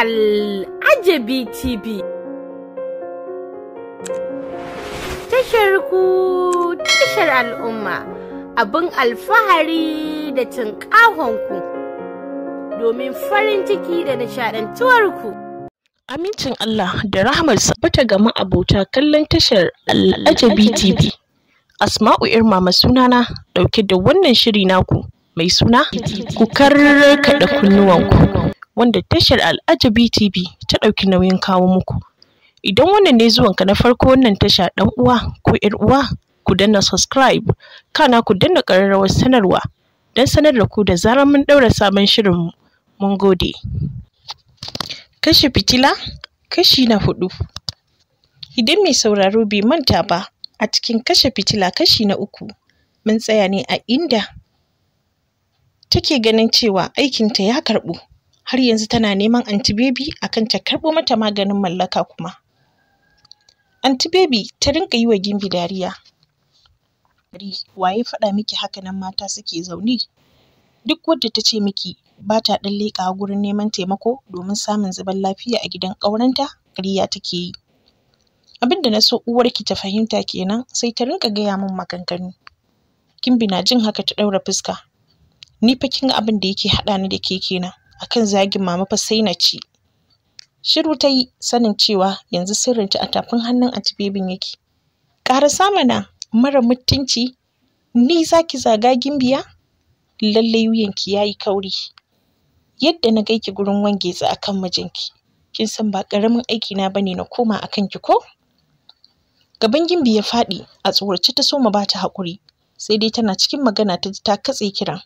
Al'ajabi TV. Tashar ku tashar al'umma abin alfahari da ku domin farin ciki da nishaɗantuwarku. Amincin Allah da rahmarsa bata gama abota kallon tashar Al'ajabi TV. Asma'u ma sunana dauke da wannan shiri naku mai suna ku karkaɗa kunnuwanku. wanda tashar Al'ajabi TV ta ɗauki nauyin kawo muku. Idan wannan ne zuwanka na farko wannan tasha ɗan uwa ko ‘yar uwa ku danna subscribe kana ku danna ƙararrawar sanarwa don sanar da ku da zarar mun ɗaura sabon shirin mun gode. Kashe fitila kashi na hudu. Idan mai sauraro bai manta ba a cikin kashe fitila kashi na uku mun tsaya ne a inda take ganin cewa aikinta ya karɓu har yanzu tana neman anti baby akan ta karɓo mata maganin mallaka kuma anti baby ta rinka yi wa gimbi dariya waye faɗa miki haka nan mata suke zaune duk wadda ta ce miki ba ta ɗan leƙawa gurin neman taimako domin samun zaman lafiya a gidan ƙaurenta ƙarya take yi abin da na so uwarki ta fahimta kenan sai ta rinka gaya min maganganu Gimbi na jin haka ta ɗaura fuska ni fa kin ga abin da yake haɗa ni da ke kenan akan zagin mama fa sai na ci shiru ta yi sanin cewa yanzu sirrinta a tafin hannun antibebin yake sama mana mara mutunci ni zaki zaga gimbiya lallai wuyanki yayi kauri yadda na ki gurin wange tsi akan mijinki kin san ba ƙaramin aiki na bane na koma akan ki ko gaban gimbi ya faɗi a tsorace ta soma ta haƙuri sai dai tana cikin magana ta ta katse kiran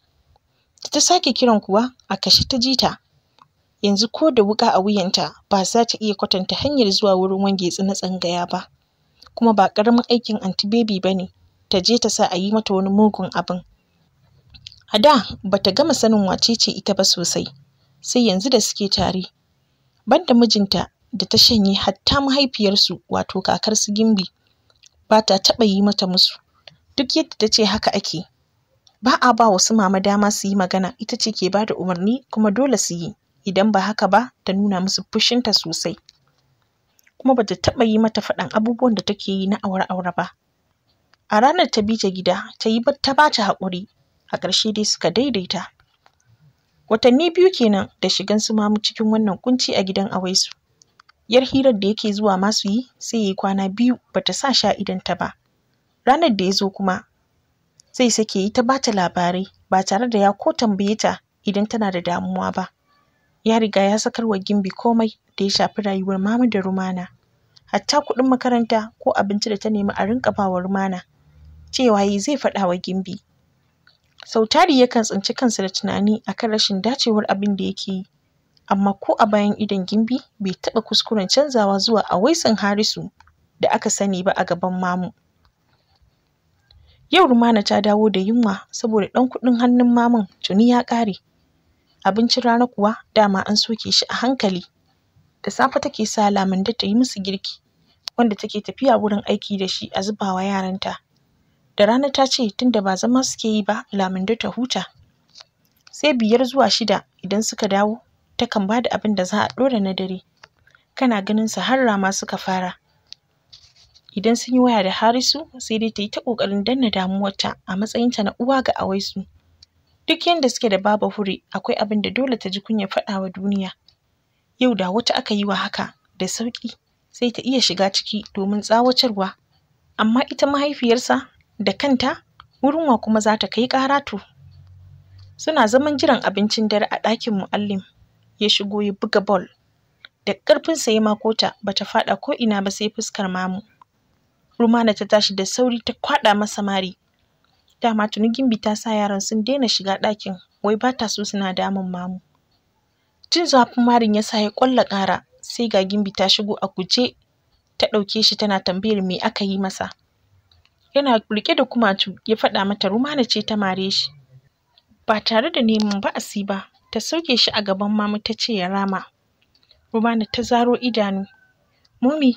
da ta sake kiran kuwa a kashe ta ji ta yanzu ko da wuƙa a wuyanta ba za ta iya kwatanta hanyar zuwa wurin wange na tsangaya ba kuma ba ƙaramin aikin anti baby ba ne ta je ta sa a yi mata wani mugun abin a da ba ta gama sanin wace ce ita ba sosai sai yanzu da suke tare banda mijinta da ta shanye hatta mahaifiyarsu wato kakar su gimbi ba ta taɓa yi mata musu duk yadda ta ce haka ake ba a ba wasu mama dama su yi magana ita ce ke bada umarni kuma dole su yi idan ba haka ba ta nuna musu fushinta sosai kuma ba ta taɓa yi mata faɗan abubuwan da take yi na aure aure ba a ranar ta bi ta gida ta yi ta ba ta haƙuri a ƙarshe dai suka daidaita watanni biyu kenan da shigan su mamu cikin wannan ƙunci a gidan awaisu yar hirar da yake zuwa masu yi sai ya yi kwana biyu ba ta sa sha ta ba ranar da ya zo kuma zai sake yi ta bata labarai ba tare da ya ko tambaye ta idan tana da damuwa ba ya riga ya sakar wa Gimbi komai da ya shafi rayuwar Mamu da Rumana hatta kuɗin makaranta ko abinci da ta nemi a rinƙa wa Rumana cewa yi zai faɗa wa Gimbi Sautari tari yakan tsinci kansa da tunani akan rashin dacewar abin da yake yi amma ko a bayan idon Gimbi bai taɓa kuskuren canzawa zuwa waisan Harisu da aka sani ba a gaban Mamu Yau Rumana ta dawo da yunwa saboda ɗan kuɗin hannun maman tuni ya ƙare. Abincin rana kuwa dama an soke shi a hankali. Da safe take sa Lamande ta yi musu girki wanda take tafiya wurin aiki da shi a zuba wa yaranta. Da rana ta ce tunda ba zama suke yi ba Lamande ta huta. Sai biyar zuwa shida idan suka dawo takan ba da abin da za a ɗora na dare. Kana ganin su har rama suka fara. idan sun yi waya da Harisu sai dai ta yi ta ƙoƙarin danna damuwarta a matsayinta na uwa ga Awaisu. Duk yanda suke da Baba Hure akwai abin da dole ta ji kunya faɗa wa duniya. Yau da wata aka yi wa haka da sauƙi sai ta iya shiga ciki domin tsawatarwa. Amma ita mahaifiyarsa da kanta wurin wa kuma za ta kai ƙara to. Suna zaman jiran abincin dare a ɗakin Muallim ya shigo ya buga bol. Da ƙarfinsa ya makota bata faɗa ko ina ba sai fuskar mamu. rumana ta tashi da sauri ta kwaɗa masa mari dama tuni gimbi ta sa yaran sun daina shiga ɗakin wai ba ta so suna damun mamu jin zafin marin ya sa ya ƙwalla ƙara sai ga gimbi ta shigo a guje ta ɗauke shi tana tambayar me aka yi masa yana riƙe da kumatu ya faɗa mata rumana ce ta mare shi ba tare da neman si ba ta sauke shi a gaban mamu ta ce ya rama rumana ta zaro idanu mumi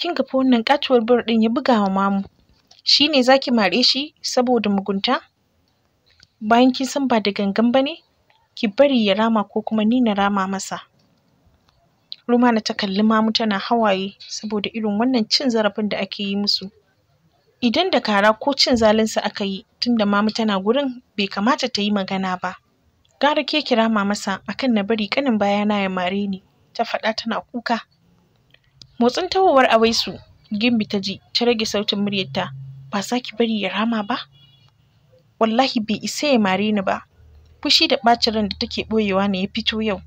kin ga fa wannan ƙatuwar bur ɗin ya buga wa mamu shi ne za ki mare shi saboda mugunta bayan kin san ba da gangan ba ne ki bari ya rama ko kuma ni na rama masa rumana ta kalli mamu tana hawaye saboda irin wannan cin zarafin da ake yi musu idan da kara ko cin zalinsa aka yi tunda mamu tana gurin bai kamata ta yi magana ba gara ke kira masa akan na bari kanin bayana ya mare ni ta faɗa tana kuka motsin tahowar awaisu gimbi ta ji ta rage sautin muryarta ba za ki bari ya rama ba wallahi bai isa ya mare ni ba fushi da ɓacin ran da take ɓoyewa ne ya fito yau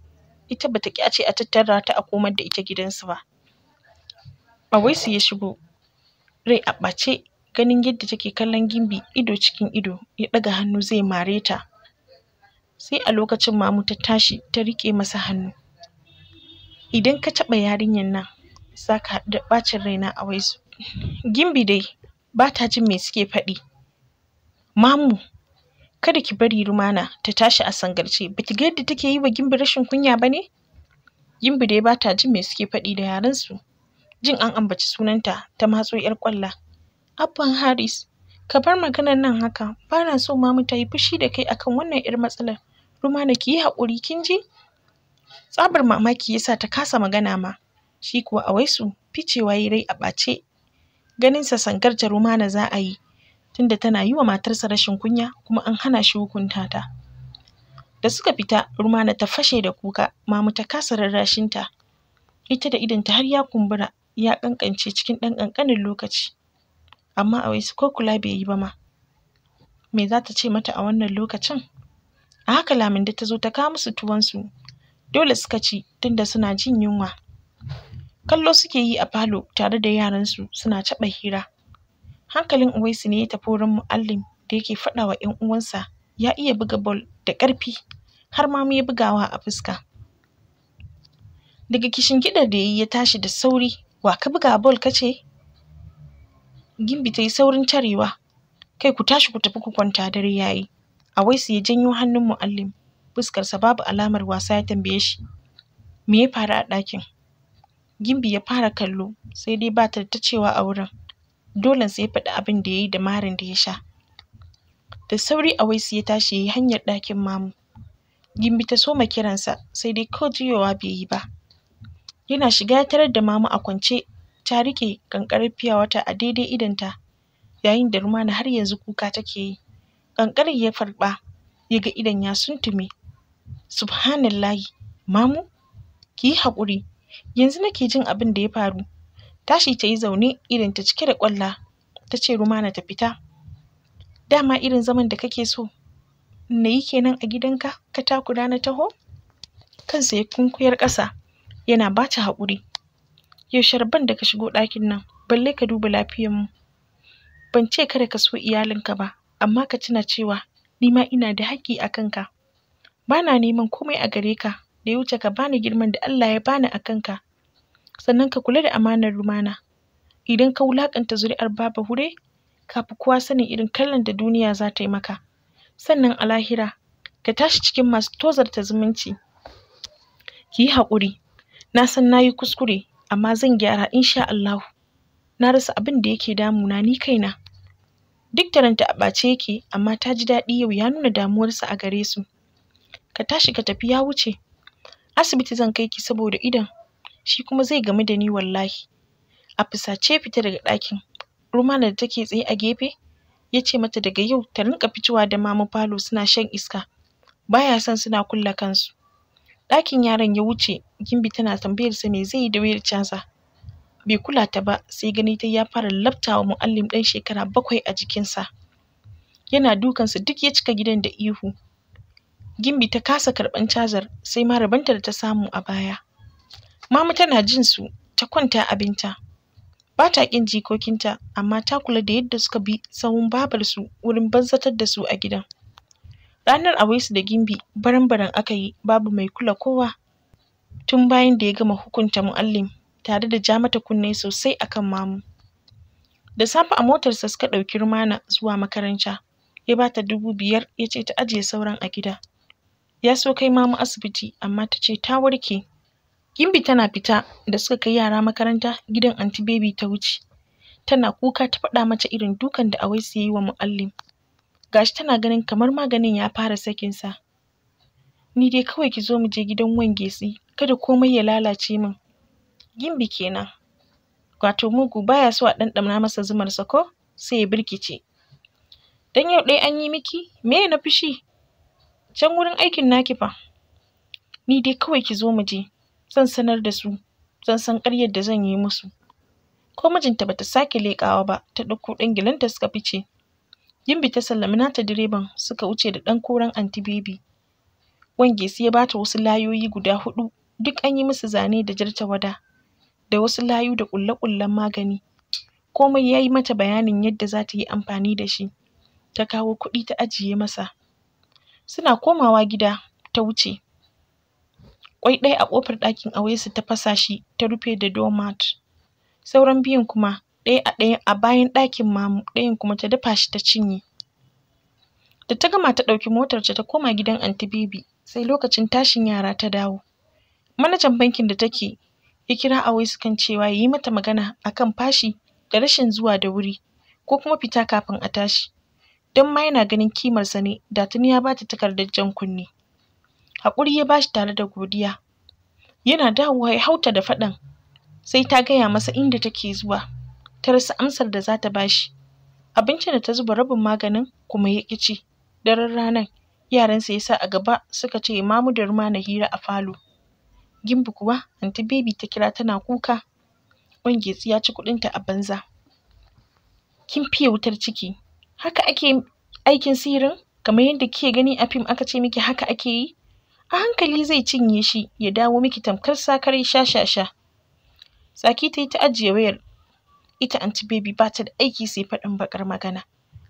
ita bata ki ace a tattara ta a komar da ita gidansu ba awaisu ya shigo rai a ɓace ganin yadda take kallon gimbi ido cikin ido ya ɗaga hannu zai mare ta sai a lokacin mamu ta tashi ta rike masa hannu idan ka taɓa yarinyar nan za ka haɗu da ɓacin raina, a a su. gimbi dai ba ta jin me suke faɗi mamu kada ki bari rumana ta tashi a sangarce baki ga yadda take yi wa gimbi rashin kunya ba ne gimbi dai ba ta jin me suke faɗi da su. jin an ambaci sunanta ta matso 'yar ƙwalla abban haris ka bar maganar nan haka bana so mamu ta yi fushi da kai akan wannan 'yar matsalar rumana ki yi haƙuri kin ji tsabar mamaki ya sa ta kasa magana ma shi kuwa a waisu ficewa yi rai a ɓace ganinsa sangar jarumana za a yi tunda tana yi wa matarsa rashin kunya kuma an hana shi hukunta ta da suka fita rumana ta fashe da kuka mamu ta kasa rarrashinta ita da idonta har ya kumbura ya kankance cikin ɗan ƙanƙanin lokaci amma a waisu ko kula bai yi ba ma me za ta ce mata a wannan lokacin a haka Laminde ta zo ta kawo musu tuwonsu dole suka ci tunda suna jin yunwa kallo suke yi a falo tare da yaransu suna taɓa hira hankalin uwaisu ne ya tafi wurin muallim da yake faɗa wa ‘yan uwansa ya iya buga bol da ƙarfi har ma ya bugawa a fuska daga kishingidar da ya yi ya tashi da sauri wa ka buga bal ka ce gimbi ta yi saurin tarewa kai ku tashi ku tafi ku kwanta dare ya yi awaisu ya janyo hannun muallim fuskarsa babu alamar wasa ya tambaye shi me ya faru a ɗakin Gimbi ya fara kallo sai dai ba ta da ta cewa a wurin. Dole sai ya faɗi abin da ya yi da marin da ya sha. Da sauri a Awaisu ya tashi ya yi hanyar ɗakin mamu. Gimbi ta soma kiransa sai dai kawai juyowa bai yi ba. Yana shiga ya tarar da mamu a kwance ta riƙe ƙanƙarar fiya wata a daidai idonta yayin da Rumana har yanzu kuka take yi. Ƙanƙarar ya farɓa ya ga idon ya suntume. Subhanallahi, mamu ki yi haƙuri yanzu nake jin abin da ya faru tashi ta yi zaune irin ta cike da ƙwalla ta ce rumana ta fita dama irin zaman da kake so na yi kenan a gidanka ka takura na taho kansa ya kunkuyar ƙasa yana ba ta haƙuri yaushe rabon da ka shigo ɗakin nan balle ka duba lafiyar mu. ban ce kada ka so iyalinka ba amma ka tuna cewa ni ma ina da haƙƙi a kanka ba na neman komai a gare ka da ya wuce ka bani girman da Allah ya bani a kanka sannan ka kula da amanar rumana idan ka wulaƙanta zuri'ar baba hure ka fi kowa sanin irin kallon da duniya za ta yi maka sannan a lahira ka tashi cikin masu tozarta zumunci ki yi haƙuri na san na yi kuskure amma zan gyara insha Allahu na rasa abin da yake damuna ni kaina duk da ranta a ɓace yake amma ta ji daɗi yau ya nuna damuwarsa a gare su ka tashi ka tafi ya wuce asibiti zan kai ki saboda idon shi kuma zai gamu da ni wallahi a fusace fita daga ɗakin rumana da take tsaye a gefe ya ce mata daga yau ta rinka fitowa da mama falo suna shan iska baya son suna kulla kansu ɗakin yaron ya wuce gimbi tana tambayar sa me zai yi da wayar bai kula ta ba sai gani ta ya fara labtawa muallim ɗan shekara bakwai a jikinsa yana dukansa duk ya cika gidan da ihu Gimbi ta kasa karɓan cazar sai ma rabanta da ta samu a baya. Mamu tana jin su ta kwanta abinta. Ba ta ƙin jikokinta amma ta kula da yadda suka bi tsawon babarsu wurin banzatar da su a gidan. Ranar Awaisu da Gimbi baran-baran aka yi babu mai kula kowa. Tun bayan da ya gama hukunta mu'allim tare da ja mata kunne sosai akan mamu. Da safe a motarsa suka ɗauki rumana zuwa makaranta. Ya ba ta dubu biyar ya ce ta ajiye sauran a gida. ya so kai mamu asibiti amma ta ce ta warke gimbi tana fita da suka kai yara makaranta gidan anti baby ta wuce tana kuka ta faɗa mata irin dukan da su ya yi wa mu'allim gashi tana ganin kamar maganin ya fara sakinsa ni dai kawai ki zo mu je gidan wange si, kada komai ya lalace min gimbi kenan wato mugu baya so a ɗanɗana masa zumar sa ko sai ya birkice dan yau ɗaya an yi miki me na fushi can wurin aikin naki fa ni dai kawai ki zo mu je zan sanar da su zan san ƙaryar da zan yi musu ko mijinta bata sake leƙawa ba ta ɗauko ɗan gilanta suka fice Gimbi ta sallami nata direban suka wuce da ɗan koren anti baby wange sai ya bata wasu layoyi guda huɗu duk an yi musu zane da jar tawada da wasu layu da ƙulle-ƙullen magani komai ya yi mata bayanin yadda za ta yi amfani da shi ta kawo kuɗi ta ajiye masa suna komawa gida ta wuce Kwai ɗaya a ƙofar ɗakin Awaisu ta fasa shi ta rufe da doormat sauran biyun kuma ɗaya a ɗayan a bayan ɗakin mamu ɗayan kuma ta dafa shi ta cinye da ta gama ta ɗauki motarta ta koma gidan anti Baby sai lokacin tashin yara ta dawo manajan bankin da take ya kira Awaisu kan cewa ya yi mata magana akan fashi da rashin zuwa da wuri ko kuma fita kafin a tashi don ma yana ganin kimarsa ne da tuni ya bata takardar jan kunne. Haƙuri ya bashi tare da godiya. Yana dawowa ya hauta da faɗan sai ta gaya masa inda take zuwa ta rasa amsar da za ta bashi. Abincin da ta zuba rabin maganin kuma ya ƙi ci. Daren ranar yaransa ya sa a gaba suka ce mamu da ruma na hira a falo. Gimbi kuwa anti baby ta kira tana kuka. Ƙwangyetsi ya ci kuɗinta a banza. Kin fiye wutar ciki haka ake aikin sirrin? kamar yadda kike gani a fim aka ce miki haka ake yi a hankali zai cinye shi ya dawo miki tamkar sakare shashasha. Saki ta yi ta ajiye wayar ita anti baby ba ta da aiki sai faɗin bakar magana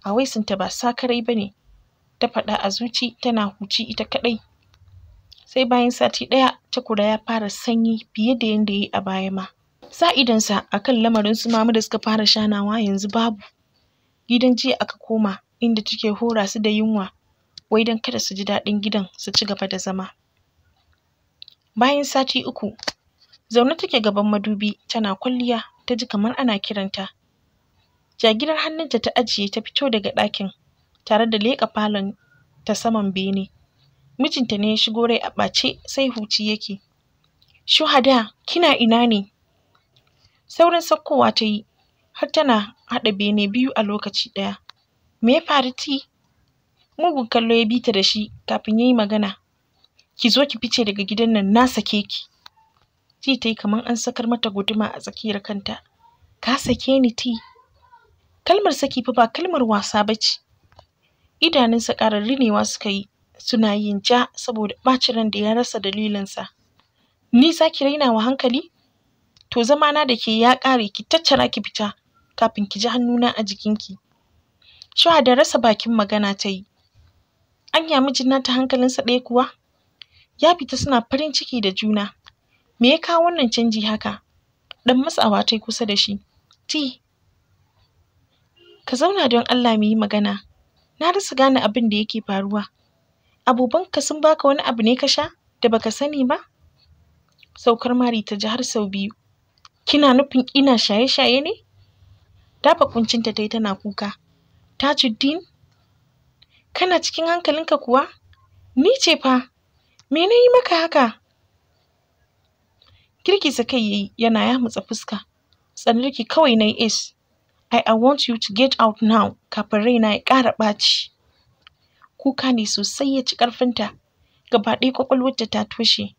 a waisinta ba sakarai ba ne ta faɗa a zuci tana huci ita kaɗai sai bayan sati ɗaya takura ya fara sanyi fiye da yadda ya yi a baya ma sa idonsa akan lamarin su mamu da suka fara shanawa yanzu babu gidan jiya aka koma inda take hora su da yunwa wai don kada su ji daɗin gidan su ci gaba da zama bayan sati uku zaune take gaban madubi tana kwalliya ta ji kamar ana kiranta jagirar hannunta ta ajiye ta fito daga ɗakin tare da leƙa falon ta saman bene mijinta ne ya shigo rai a ɓace sai huci yake shuhada kina ina ne saurin saukowa ta yi har tana haɗa bene biyu a lokaci ɗaya. Me ya faru ti? Mugun kallo ya bi ta da shi kafin ya yi magana. Ki zo ki fice daga gidan nan na sake ki. Ti ta yi kamar an sakar mata guduma a tsakiyar kanta. Ka sake ni ti? Kalmar saki fa ba kalmar wasa ba ce. Idanunsa ƙarar rinewa suka yi suna yin ja saboda ɓacin ran da ya rasa dalilinsa. Ni za ki rainawa hankali? To zamana da ke ya ƙare ki tattara ki fita kafin ki ji hannuna a jikinki Shuwa da rasa bakin magana ta yi anya mijin nata hankalinsa ɗaya kuwa ya fita suna farin ciki da juna me ya kawo wannan canji haka ɗan matsawa ta kusa da shi ti ka zauna don Allah mu yi magana na rasa gane abin da yake faruwa abubanka sun baka wani abu ne ka sha da baka sani ba saukar mari ta ji har sau biyu kina nufin ina shaye-shaye ne dafa kuncinta ta yi tana kuka tajuddin kana cikin hankalinka kuwa ni ce fa me na yi maka haka girgiza kai yayi yana yamutsa fuska Tsanarki kawai na yi ace I, I want you to get out now kafin raina ya ƙara ɓaci. Kuka ne sosai ya ci ƙarfinta, gaba ɗaya ta ta toshe.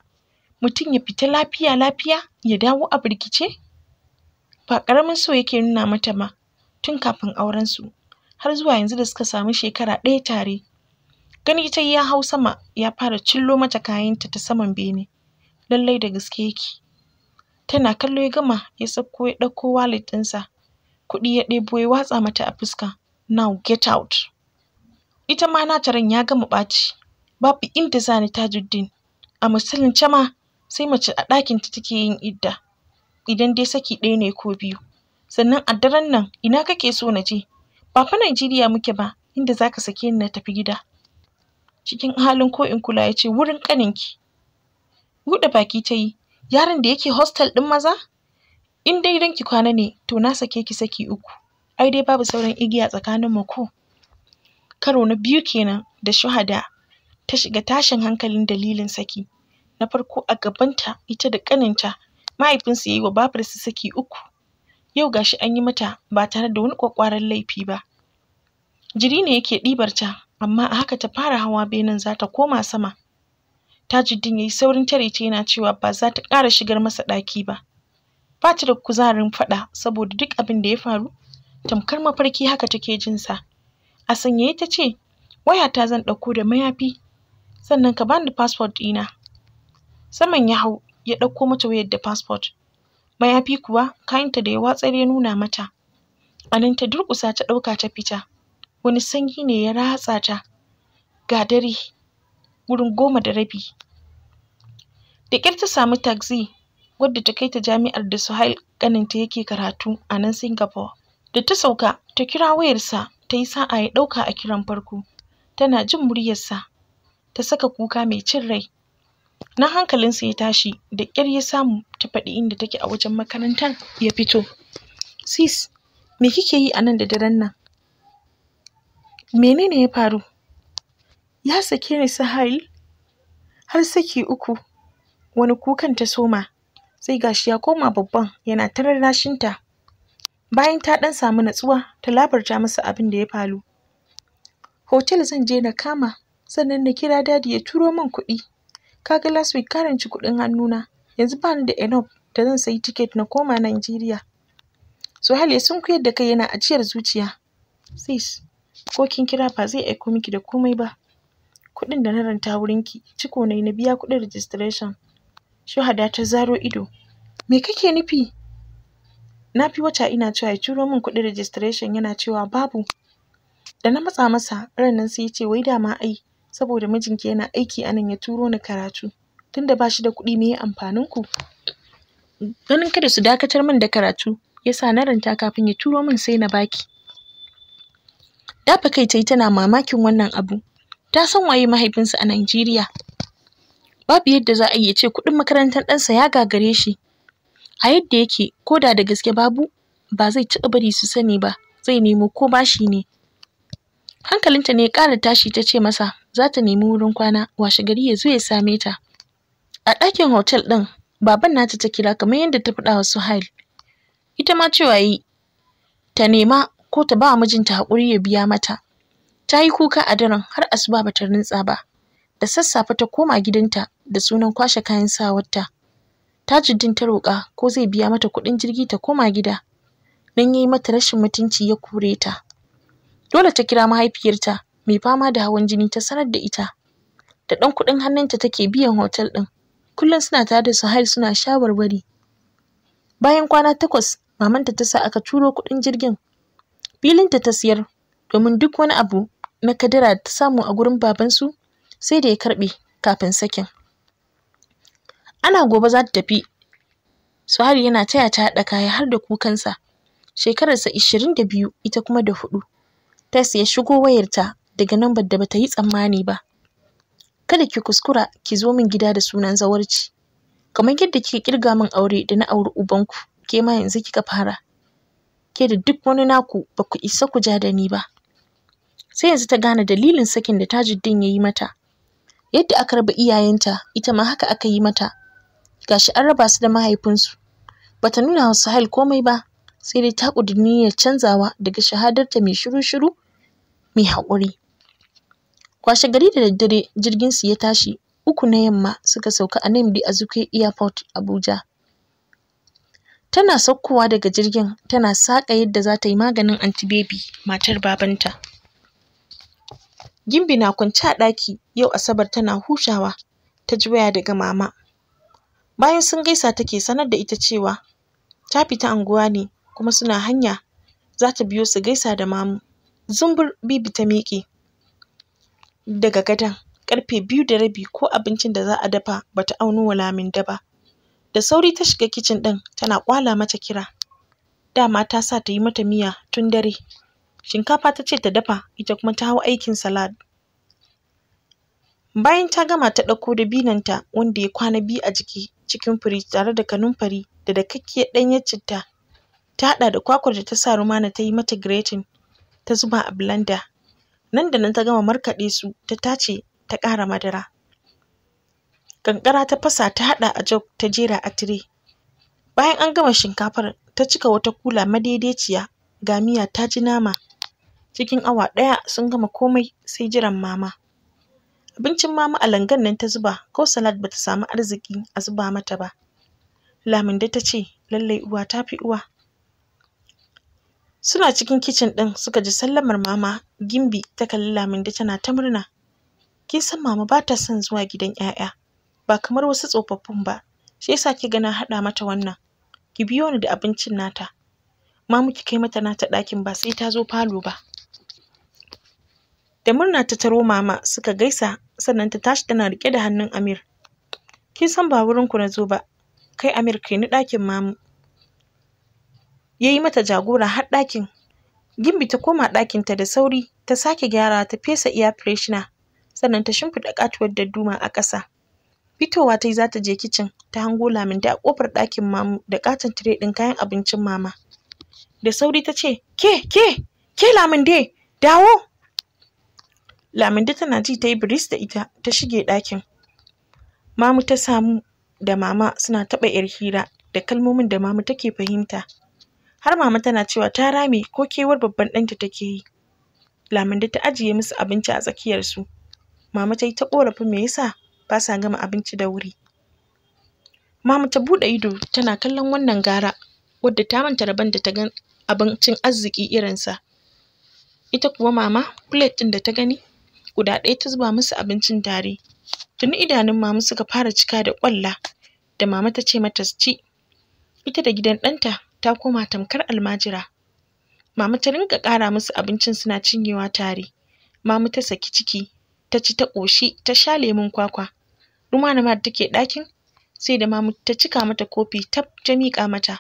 Mutum ya fita lafiya lafiya ya dawo a birkice? ba ƙaramin so yake nuna mata ba tun kafin aurensu har zuwa yanzu da suka samu shekara ɗaya tare gani ta ya hau sama ya fara cillo mata kayanta ta saman bene lallai da gaske yake tana kallo ya gama ya sauko ya ɗauko walet ɗinsa kuɗi ya ɗebo ya watsa mata a fuska now get out ita ma na taron ya gama ɓaci babu inda zani tajuddin a musulunce ma sai mace a ɗakinta take yin idda idan dai saki ɗaya ne ko biyu sannan a daren nan ina kake so na je ba fa Najeriya muke ba inda za ka sake ni na tafi gida cikin halin ko in kula ya ce wurin ƙanin ki buɗe baki ta yi yaron da yake hostel ɗin maza in dai don ki kwana ne to na sake ki saki uku ai dai babu sauran igiya tsakanin mu ko karo na biyu kenan da shuhada ta shiga tashin hankalin dalilin saki na farko a gabanta ita da ƙaninta mahaifinsu ya yi wa babarsa saki uku yau gashi an yi mata ba tare da wani kwakwaran laifi ba jiri ne yake ɗibar ta amma a haka ta fara hawa benin za ta koma sama tajiddin ya yi saurin tare ta yana cewa ba za ta ƙara shigar masa ɗaki ba ba ta da kuzarin faɗa saboda duk abin da ya faru tamkar mafarki haka take jin sa a sanyaye ta ce wayata zan ɗauko da mayafi sannan ka bani fasfot ɗina saman ya hau ya ɗauko mata wayar da fasfot mayafi kuwa kayanta da ya watsar ya nuna mata a nan ta durƙusa ta ɗauka ta fita wani sanyi ne ya ratsa ta ga dare wurin goma da rabi da ƙyar ta samu taxi wadda ta kai ta jami'ar da Suhail ƙaninta yake karatu a nan Singapore da ta sauka ta kira wayarsa ta yi sa'a ya ɗauka a kiran farko tana jin muryarsa ta saka kuka mai cin rai Na hankalin hankalinsa ya tashi da ƙyar ya samu ta faɗi inda take a wajen makarantar ya fito sis me kike yi a nan da daren nan menene ya faru ya sake ni sahil har saki uku wani kukan ta soma sai gashi ya koma babban yana ta bayan ta ɗan samu natsuwa ta labarta masa abin da ya faru hotel zan je na kama sannan na kira dadi ya turo min kuɗi kaga last week ka ranci kuɗin hannuna yanzu bani da enough da zan sayi ticket na koma Najeriya hali sun koyar da kai yana ajiyar zuciya sis ko kin kira ba zai aiko miki da komai ba kuɗin da na ranta wurin ki, ciko ne na biya kuɗin registration Shuhada ta zaro ido me kake nufi na fi wata ina cewa ya turo min kuɗin registration yana cewa babu da na matsa masa ran sai ya ce wai dama ai saboda mijinki yana aiki anan ya turo ni karatu tunda ba shi da kuɗi me amfanin ku ganin kada su dakatar min da karatu yasa na ranta kafin ya turo min sai na baki dafa kai tayi tana mamakin wannan abu ta san waye mahaifinsa a Najeriya babu yadda za a iya ce kuɗin makarantar ɗansa ya gagare shi a yadda yake ko da da gaske babu ba zai taɓa bari su sani ba zai nemo ko bashi ne hankalinta ne ya ƙara tashi ta ce masa za ta nemi wurin kwana washe gari ya zo ya same ta a ɗakin hotel ɗin baban nata ta kira kamar yadda ta faɗa wa Suhail ita ma cewa yi ta nema ko ta ba mijinta haƙuri ya biya mata ta yi kuka a daren har asuba ba ta rintsa ba da sassafe ta koma gidanta da sunan kwashe kayan sawarta ta tajuddin ta roƙa ko zai biya mata kuɗin jirgi ta koma gida Nan ya yi mata rashin mutunci ya kore ta dole ta kira mahaifiyarta mai fama da hawan jini ta sanar da ita da ɗan kuɗin hannunta take biyan hotel ɗin kullum suna tare da Suhail suna shawarwari bayan kwana takwas mamanta ta sa aka turo kuɗin jirgin filinta ta siyar domin duk wani abu na kadara ta samu a gurin babansu sai da ya karɓe kafin sakin ana gobe za ta tafi Suhail yana taya ta haɗa kaya har da kukansa shekararsa ishirin da biyu ita kuma da hudu ta ya shigo wayarta daga nan da bata yi tsammani ba kada ki kuskura ki zo min gida da sunan zawarci kamar yadda kika kirga min aure da na auri ubanku ke ma yanzu kika fara ke da duk wani naku ba ku isa ku ja da ni ba sai yanzu ta gane dalilin sakin da tajuddin ya yi mata yadda aka raba iyayenta ita ma haka aka yi mata gashi an raba su da mahaifinsu bata nuna wa sahil komai ba sai dai ta ƙudiri niyyar canzawa daga shahadarta mai shiru-shiru mai haƙuri Kwashe gari da daddare jirgin su ya tashi uku na yamma suka sauka a Nnamdi azuke Airport Abuja. Tana saukowa daga jirgin tana saƙa yadda za ta yi maganin anti baby matar babanta. Gimbi na kwance a ɗaki yau Asabar tana hushawa ta ji waya daga mama. Bayan sun gaisa take sanar da ita cewa ta fita anguwa ne kuma suna hanya za ta biyo su gaisa da mamu. Zumbur Bibi ta miƙe daga gadon karfe biyu da rabi ko abincin da za a dafa bata auno wa Lamin da ba da sauri ta shiga kicin ɗin tana kwala mata kira dama ta sa ta yi mata miya tun dare shinkafa ta ce ta dafa ita kuma ta hau aikin salad bayan ta gama ta ɗauko dabinonta wanda ya kwana biyu a jiki cikin firij tare da kanumfari da dakakkiyar ɗanyar citta ta haɗa da kwakwar da ta sa rumana ta yi mata grating ta zuba a blender nan da nan ta gama markaɗe su ta tace ta ƙara madara Ƙanƙara ta fasa ta haɗa a jog ta jera a tire bayan an gama shinkafar ta cika wata kula madaidaiciya ga miya ta ji nama cikin awa ɗaya sun gama komai sai jiran mama abincin mama a langan nan ta zuba ko salad bata samu arziki a zuba mata ba da ta ce lallai uwa tafi uwa Suna cikin kicin ɗin suka ji sallamar mama Gimbi ta kalli Laminde tana ta murna. Kin san mama ba ta son zuwa gidan 'ya'ya, ba kamar wasu tsofaffin ba, shi yasa ki gana haɗa mata wannan. Ki biyo ni da abincin nata. Mamu ki kai mata nata ɗakin ba sai ta zo falo ba. Da murna ta taro mama suka gaisa sannan ta tashi tana riƙe da hannun Amir. Kin san ba wurinku na zo ba, kai Amir kai ni ɗakin mamu. ya yi mata jagora har ɗakin gimbi ta koma ɗakinta da sauri ta sake gyara ta fesa iya freshina sannan ta shimfiɗa katuwar dadduma a ƙasa fitowa ta yi za ta je kicin ta hango laminta a ƙofar ɗakin mamu da ƙaton tire ɗin kayan abincin mama da sauri ta ce ke ke ke laminde dawo laminde tana ji ta yi biris da ita ta shige ɗakin mamu ta samu da mama suna taɓa 'yar hira da kalmomin da mamu take fahimta har mama tana cewa ta rame ko kewar babban ɗanta take yi da ta ajiye musu abinci a tsakiyarsu mama ta yi ta ƙorafin me yasa ba sa gama abinci da wuri mama ta buɗe ido tana kallon wannan gara wadda ta manta rabon da ta gan abincin arziki irinsa ita kuwa mama plate ɗin da ta gani guda ɗaya ta zuba musu abincin tare tuni idanun mama suka fara cika da ƙwalla da mama ta ce mata su ci ita da gidan ɗanta ta koma tamkar almajira mama ta rinka ƙara musu abincin suna cinyewa tare mamu ta saki ciki ta ci ta ƙoshi ta sha lemun kwakwa ruma ma da take ɗakin sai da mamu ta cika mata kofi ta ta miƙa mata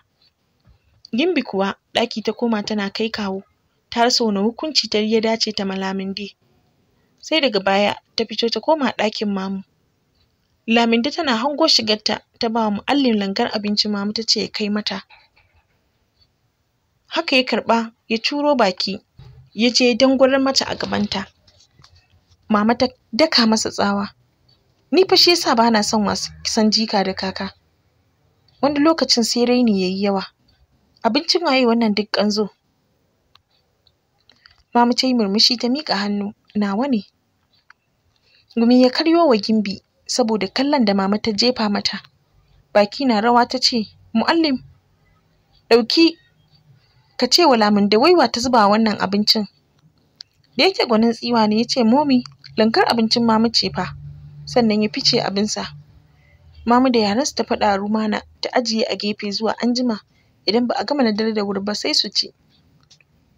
gimbi kuwa ɗaki ta koma tana kai kawo ta rasa wani hukunci ta ya dace ta malaminde sai daga baya ta fito ta koma ɗakin mamu laminde tana hango shigarta ta ba wa mu'allin langar abinci mamu ta ce ya kai mata haka ya karɓa ya curo baki ya je dangwarar mata a gabanta mama ta daka masa tsawa ni fa shi yasa ba na son wasu kisan jika da kaka wani lokacin sai raini yayi yawa abincin waye wannan duk ƙanzo mama ta yi murmushi ta miƙa hannu nawa ne gumi ya karyo wa gimbi saboda kallon da mama ta jefa mata baki na rawa ta ce mu'allim ɗauki ka ce wa lamun da waiwa ta zuba wannan abincin da yake gwanin tsiwa ne ya ce momi lankar abincin mamu ce fa sannan ya fice abinsa mamu da su ta faɗa rumana ta ajiye a gefe zuwa anjima idan ba a gama na da wuri ba sai su ci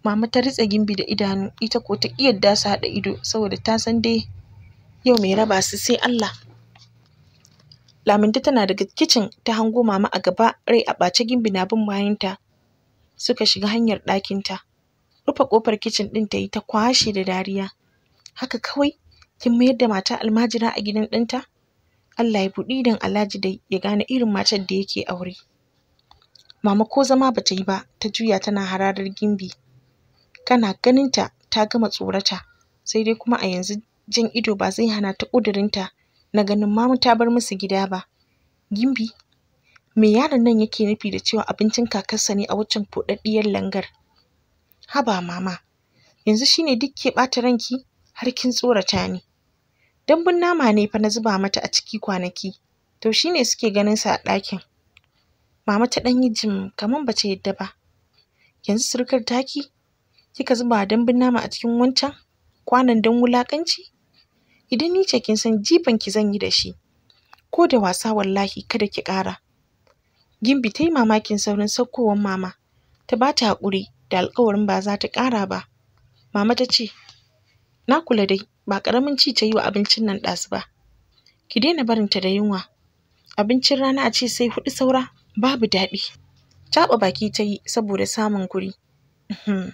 mama ta ritsa gimbi da idanu ita ko ta da su haɗa ido saboda ta san dai yau mai raba su sai Allah Laminta tana daga kicin ta hango mama a gaba rai a ɓace gimbi na bin bayanta suka shiga hanyar ɗakinta. Rufe ƙofar kicin ɗin ta yi ta kwashe da dariya. Haka kawai kin mayar da mata almajira a gidan ɗanta? Allah ya buɗi idan Alhaji da ya gane irin matar da yake aure. Mama ko zama ba yi ba, ta juya tana hararar gimbi. Kana ganinta ta gama tsorata, sai dai kuma a yanzu jan ido ba zai hana ta ƙudurinta na ganin mamu ta bar musu gida ba. Gimbi me yaron nan yake nufi da cewa abincin kakarsa ne a waccan kuɗaɗɗiyar langar haba mama yanzu shine duk ke ɓata ranki har kin tsorata ni dambun nama ne fa na zuba mata a ciki kwanaki to shine suke ganin sa a ɗakin mama ta ɗan yi jim ba ta yadda ba yanzu surukar taki kika zuba dambun nama a cikin wancan kwanon don wulaƙanci idan ni ce kin san jifan ki zan yi da shi ko da wasa wallahi kada ki ƙara Gimbi ta yi mamakin saurin saukowar mama, ta ba ta haƙuri da alƙawarin ba za ta ƙara ba. Mama ta ce, Na kula dai, ba ƙaramin ci ta yi wa abincin nan ɗasu ba. Ki daina barinta da yunwa. Abincin rana a ce sai huɗu saura, babu daɗi. Taɓa baki ta yi saboda samun guri. Uhm,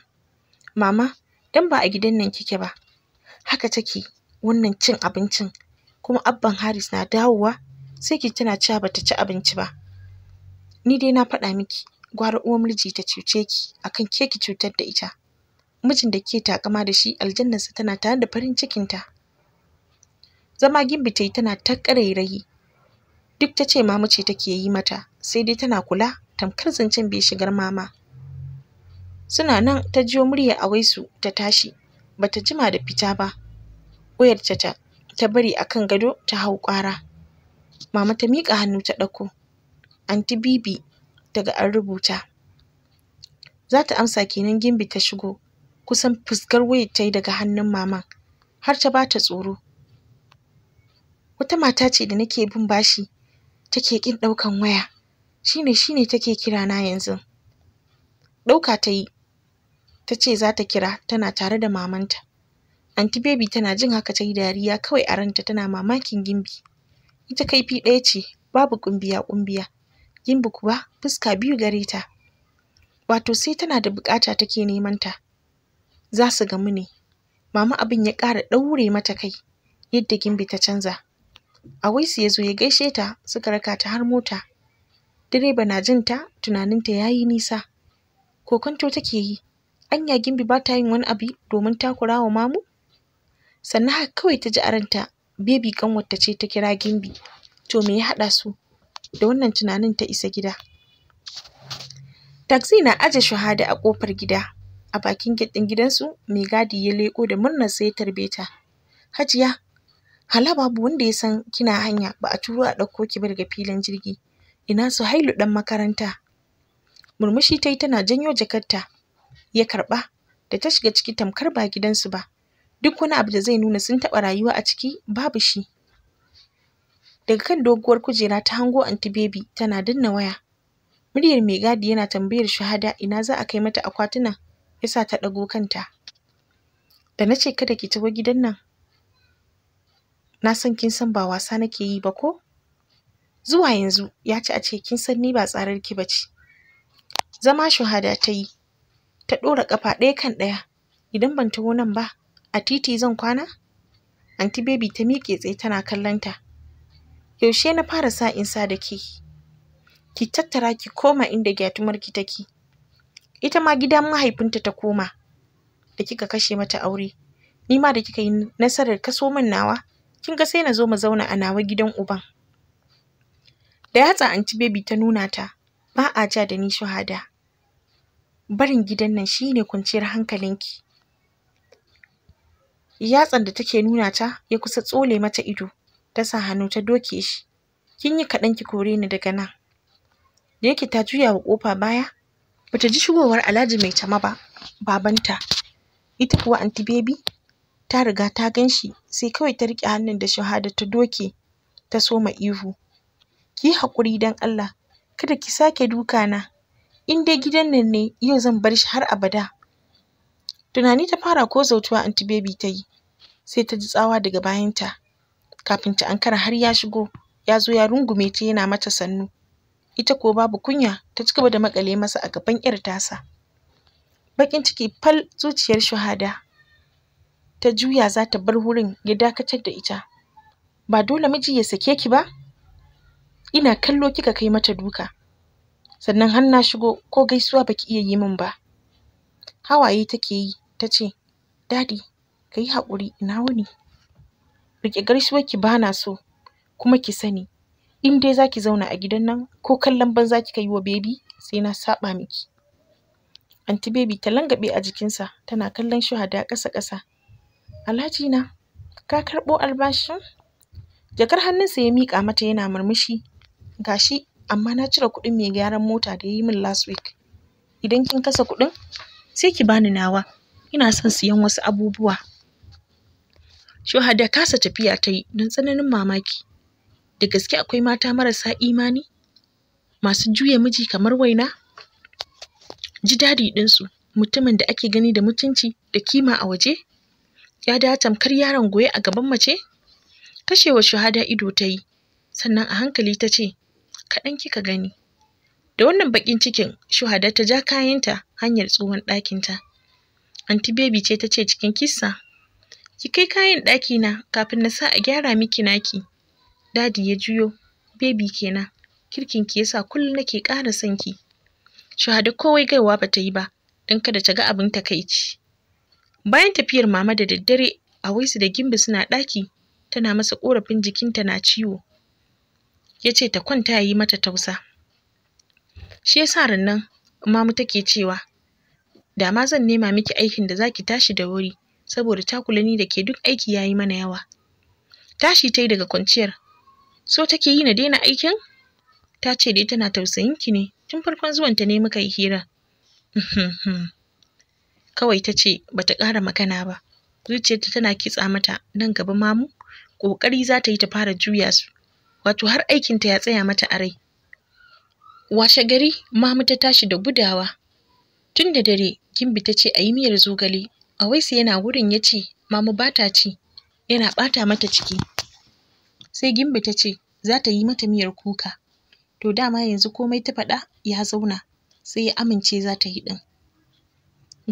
mama, dan ba a gidan nan kike ba. Haka take wannan cin abincin, kuma Abban Haris na dawowa sai ki tana cewa ba ta ci abinci ba. ni dai na faɗa miki gwara uwar miji ta cuce ki akan ke ki cutar da ita mijin da ke takama da shi sa tana tare da farin cikinta zama gimbi ta yi tana ta ƙarairayi duk ta ce mama ce take yi mata sai dai tana kula tamkar zancen bai shigar mama suna nan ta jiyo murya a waisu ta tashi bata jima da fita ba wayar ta ta bari akan gado ta hau ƙwara mama ta miƙa hannu ta ɗauko Anti Bibi daga an rubuta. Za ta amsa kenan Gimbi ta shigo, kusan fuskar wayar ta yi daga hannun maman, har ta ba ta tsoro. Wata mata ce da nake bin bashi take ƙin ɗaukan waya, shi ne shi ne take kira na yanzu. Ɗauka ta yi, ta ce za ta kira tana tare da mamanta. anti Baby tana jin haka ta yi dariya kawai a ranta tana mamakin Gimbi. Ita kaifi ɗaya ce, babu ƙumbiya-ƙumbiya. Gimbu kuwa fuska biyu gare ta. Wato sai tana da bukata take neman ta. Za su gamu ne. Mama abin ya ƙara ɗaure mata kai yadda Gimbi ta canza. Awaisu ya zo ya gaishe ta suka raka ta har mota. Direba na jin ta tunaninta ya yi nisa. Kokonto take yi. Anya Gimbi ba ta yin wani abu domin takura wa mamu? Sannan haka kawai ta ji aranta Bebi bebi kanwarta ce ta kira Gimbi. To me ya haɗa su? da wannan tunanin ta isa gida taxi na aje shahada a ƙofar gida a bakin ɗin gidansu mai gadi ya leƙo da murnar sai ya tarbe ta hajiya hala babu wanda ya san kina hanya ba a turo a ɗauko ki ba daga filin jirgi ina su hailu ɗan makaranta murmushi ta yi tana janyo jakarta ya karɓa da ta shiga ciki tamkar ba gidansu ba duk wani abu da zai nuna sun taɓa rayuwa a ciki babu shi Daga kan doguwar kujera ta hango anti Baby tana danna waya. Muryar mai gadi yana tambayar Shahada ina za a kai mata akwatuna yasa ta ɗago kanta. Da nace kada ki taho gidan nan, na san kin san ba wasa nake yi ba ko? Zuwa yanzu ya ci a ce kin san ni ba tsarar ki ba ce. Zama Shahada ta yi, ta ɗora kafa ɗaya kan ɗaya. Idan ban taho nan ba, a titi zan kwana? anti Baby ta miƙe tsaye tana kallon ta. yaushe na fara sa'insa da ke ki tattara ki koma inda gyatumarki take ita ma gidan mahaifinta ta koma da kika kashe mata aure ni ma da kika yi nasarar kaso min nawa kin ga sai na zo mu zauna a nawa gidan uban da yatsa anti baby ta nuna ta ba a ja da ni shahada barin gidan nan shine kwanciyar hankalinki yatsan da take nuna ta ya kusa tsole mata ido ta sa hannu ta doke shi. Kin yi kaɗan ki kore ni daga nan. Da yake ta juya wa ƙofa baya, bata ji shigowar Alhaji mai tama ba, babanta. Ita kuwa anti baby ta riga ta gan shi sai kawai ta riƙe hannun da shahada ta doke ta soma ihu. Ki yi haƙuri don Allah, kada ki sake duka na. In dai gidan nan ne yau zan bar shi har abada. Tunani ta fara ko zautuwa anti baby ta yi, sai ta ji tsawa daga bayanta. kafin ta ankara har ya shigo ya zo ya rungume ta yana mata sannu ita ko babu kunya ta cigaba da makale masa a gaban yar tasa bakin ciki fal zuciyar shahada ta juya za ta bar wurin ya dakatar da ita ba dole miji ya sake ki ba ina kallo kika kai mata duka sannan har na shigo ko gaisuwa baki iya yi min ba hawaye take yi ta ce dadi ka yi haƙuri ina wuni Rike gaisuwarki ki bana so kuma ki sani in dai za ki zauna a gidan nan ko kallon banza ki yi wa bebi sai na saɓa miki anti bebi ta langaɓe a jikinsa tana kallon shuhada ƙasa ƙasa alhaji na ka karɓo albashin jakar hannunsa ya mika mata yana murmushi gashi amma na cire kuɗin mai gyaran mota da ya yi min last week idan kin kasa kuɗin sai ki bani nawa ina son siyan wasu abubuwa Shuhada kasa tafiya ta yi don tsananin mamaki. Da gaske akwai mata marasa imani? Masu juya miji kamar waina? Ji daɗi ɗinsu, mutumin da ake gani da mutunci da kima a waje? Ya da tamkar yaron goye a gaban mace? Kashewa shuhada ido ta yi, sannan a hankali ta ce, kaɗan kika gani. Da wannan baƙin cikin, shuhada ta ja kayanta hanyar tsohon ɗakinta. Anti Baby ce ta ce cikin kissa. ki kai kayan ɗaki na kafin na sa a gyara miki naki dadi ya juyo bebi kenan kirkin ki yasa kullum nake ƙara son ki shahada kowai gaiwa bata yi ba don kada ta ga abin takaici bayan tafiyar mama da daddare a waisu da gimbi suna ɗaki tana masa ƙorafin jikinta na ciwo ya ce ta kwanta ya yi mata tausa shi ya yasa rannan mamu take cewa da ma zan nema miki aikin da za ki tashi da wuri saboda takulani da ke duk aiki ya yi mana yawa tashi ta yi daga kwanciyar so take yi na daina aikin ta ce dai tana tausayin ki ne tun farkon zuwanta ne muka yi hira kawai ta ce bata ƙara magana ba zuciyarta tana kitsa mata nan gaba mamu ƙoƙari za ta yi ta fara juya su wato har aikinta ya tsaya mata a rai washe gari mamu ta tashi da gudawa tun da dare gimbi ta ce a yi miyar zogale Awaisu yana wurin ya ce, Mamu ba ta ci, yana ɓata mata ciki. Sai Gimbi ta ce, za ta yi mata miyar kuka. To dama yanzu komai ta faɗa ya zauna, sai ya amince za ta yi ɗin.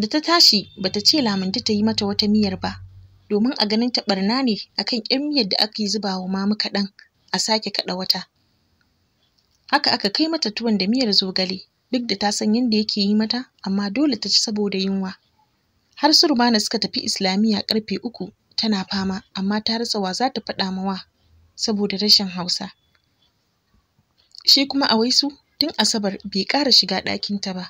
Da ta tashi bata ce lamanti ta yi mata wata miyar ba, domin a ganin ta ɓarna ne a kan ƴan miyar da aka yi zuba wa mamu kaɗan a sake kaɗa wata. Haka aka kai mata tuwon da miyar zogale, duk da ta san yadda yake yi mata, amma dole ta ci saboda yunwa. har su rubana suka tafi islamiyya karfe uku tana fama amma ta rasa wa za ta faɗa mawa saboda rashin hausa shi kuma a waisu tun asabar bai ƙara shiga ɗakinta ba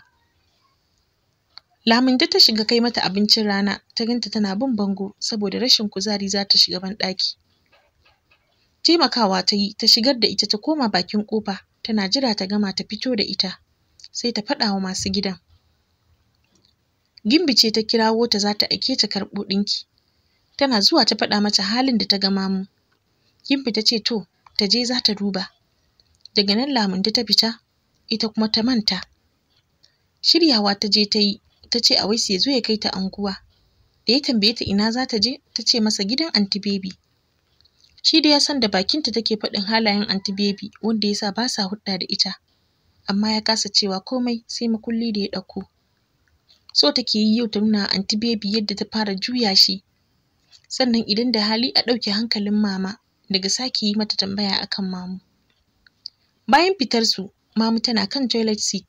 Laminda ta shiga kai mata abincin rana ta ganta tana bin bango saboda rashin kuzari za ta shiga ban ɗaki. Taimakawa ta yi ta shigar da ita ta koma bakin kofa, tana jira ta gama ta fito da ita sai ta faɗa wa masu gidan. Gimbi ce ta kirawo ta za ta aike ta karɓo ɗinki. Tana zuwa ta faɗa mata halin da ta ga mamu. Gimbi ta ce to, ta je za ta duba. Daga nan lamunta ta fita, ita kuma ta manta. Shiryawa ta je ta yi, ta ce a waisi ya zo ya kai ta anguwa. Da ya tambaye ta ina za ta je, ta ce masa gidan anti baby. Shi da ya san da bakinta take faɗin halayen anti baby wanda ya sa ba sa hudda da ita. Amma ya kasa cewa komai sai makulli da ya ɗauko. so take yi yau ta nuna anti baby yadda ta fara juya shi sannan idan da hali a ɗauke hankalin mama daga sake yi mata tambaya akan mamu bayan fitar su mamu tana kan toilet seat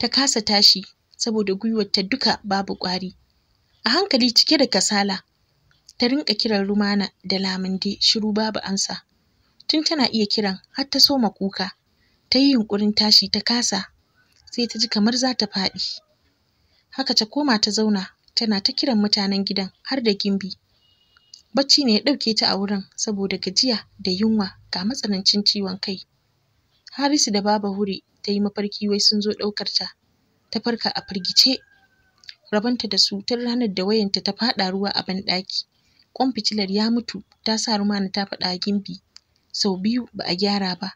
ta kasa tashi saboda gwiwar ta duka babu ƙwari a hankali cike da kasala ta rinka kiran rumana da lamande shiru babu amsa tun tana iya kiran har ta soma kuka ta yi yunƙurin tashi ta kasa sai ta ji kamar za ta faɗi haka ta koma ta zauna tana ta kiran mutanen gidan har da gimbi bacci ne ya ɗauke ta a wurin saboda gajiya da yunwa ga matsanancin ciwon kai harisu da baba huri ta yi mafarki wai sun zo ɗaukar ta ta farka a firgice rabonta da su tun ranar da wayanta ta faɗa ruwa a banɗaki ƙwan fitilar ya mutu ta sa rumana ta faɗa a gimbi sau biyu ba a gyara ba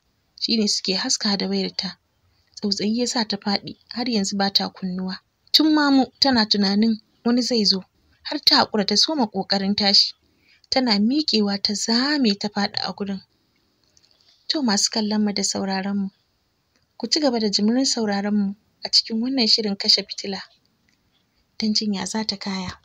shine suke haska da wayarta tsautsayi ya sa ta faɗi har yanzu ba ta kunnuwa Tun mamu tana tunanin wani zai zo har ta haƙura ta soma ƙoƙarin tashi. Tana miƙewa ta zame ta faɗi a gurin. To masu kallon mu da sauraron mu, ku ci gaba da jimirin sauraron mu a cikin wannan shirin kashe fitila don jinya, ya za ta kaya.